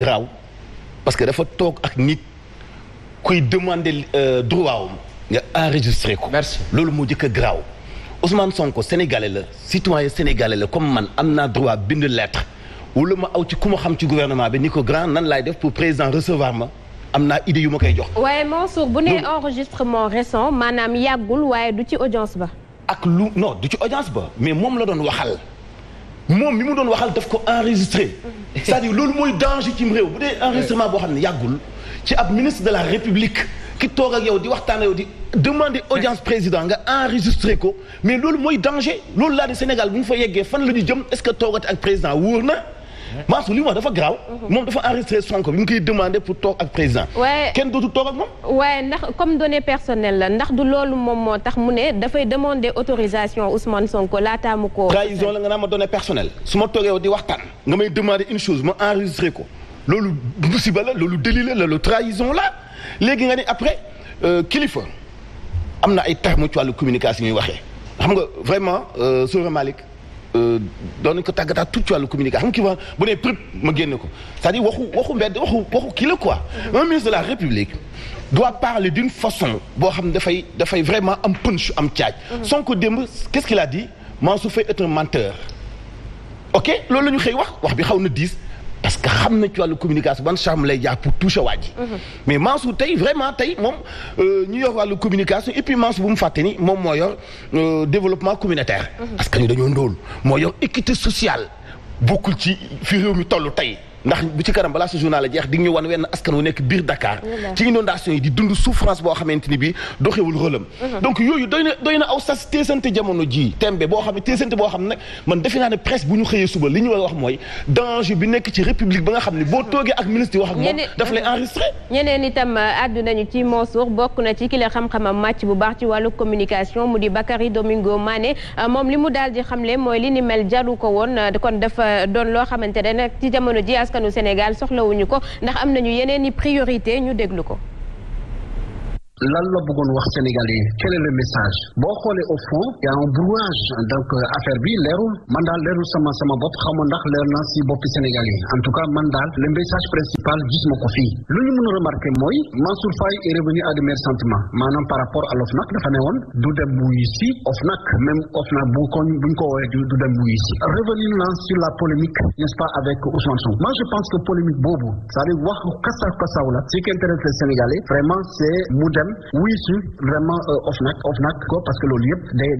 graw parce que dafa toog ak nit kuy demander euh, droit am nga enregistré ko. merci loolu moo jëkk a graw Ousmane Sonko sénégalais la citoyen sénégalais la comme man am naa droit bind lettre wala ma aw ci ku ma xam ci gouvernement bi ni ko grand nan laay def pour président recevoir ma. am naa idée yu ma koy jox. waaye Mansour bu nee enregistrement récent maanaam yàggul waaye du ci audience ba. ak lu non du ci audience ba mais moom la doon waxal. moom mi mu doon waxal def ko enregistré mm-hmm. c'est-à-dire loolu mooy danger ci réew bu dee enregistrement boo xam ne yàggul ci ab ministre de la république ki toog ak yow di waxtaan yow di demander audience président nga enregistré ko mais loolu mooy danger loolu laa di Sénégal bu ñu fa yeggee fan la ñu jëm est-ce que toogate ak président wóor na Mansour li mu wax dafa garaaw. Mhm. moom dafa enregistré Sonko bi mu koy demandé pour toog ak président. kenn dootu toog ak moom. waaye ndax comme données personnelles la ndax du loolu moom moo tax mu ne dafay demandé autorisation Ousmane Sonko laataa mu koo. trahison la nga naan ma données personnelles su ma toogee di waxtaan nga may demandé une chose ma enregistré ko loolu musiba la loolu délit la loolu trahison la léegi nga ne après euh, kilifa am na ay termes wàllu communication yi waxee xam nga vraiment euh, Soeur Malick Euh, doon ko tàggataa tout ci wàllu a xam ki ma bu nee prép ma génne ko c'est-à-dire waxu waxu mbedd waxu kilo kii la quoi. un ministre de la république doit parler d'une façon boo xam ne dafay dafay vraiment am punch am caaj. Mhm. Sonko démb qu'est-ce qu'il a dit Mansour Faye est un menteur. ok loolu la ñu xëy wax wax bi xaw na diis. parce que xam na ci wàllu communication ban charme lay jaar pour toucher waa mhm. mais Mansour tey vraiment tey moom euh, ñu yor wàllu communication et puis Mansour bu mu fàtte ni moom moo euh, développement communataire mhm. parce que ñu dañoo ndóol moo yor équité sociale bokkul ci fi réew mi toll tey. ndax bu ci kanam balaa sa journal la jeex di ñu wan wenn askan wu nekk biir Dakar ci inondation yi di dund souffrance boo xamante ni bi doxewul rëlam mhm. donc yooyu doy na aw sas téesante jamono ji tembe boo xam ne téesante boo xam ne nag man defe naa ne presse bu ñu xëyee ba nga xam ne boo mhm. toogee ak ministre wax ak moom daf lay enregistré ñeneen itam euh, àddu nañu ci Mansour bokk na ci ki la xam-xamam màcc bu baax ci wàllu communication mu di Bakary Domingo Mané euh, moom li mu daal di xamle mooy li ni mel jaru ko woon euh, kon dafa doon loo xamante ne nag ci jamono ji askanu Sénégal soxlawuñu ko ndax am nañu yeneen i priorité ñu déglu ko lan la bëggoon wax sénégalais quel est le message boo xoolee au fond y a un brouillage donc euh, affaire bi leerul man daal leerul sama sama bopp xawma ndax leer na si boppi sénégalais en tout cas man daal le message principal gis ma ko fii lu ñu mën a Mansour Faye est revenu à de meilleurs sentiments par rapport à l'OFNAC dafa ne woon du dem wuyu si même OFNAC bu ko buñ ko woowee du dem wuyu si revenir sur la polémique n'est-ce pas avec que polémique boobu cest à dem wuy si vraiment OFNAC OFNAC ko parce que loolu yëpp day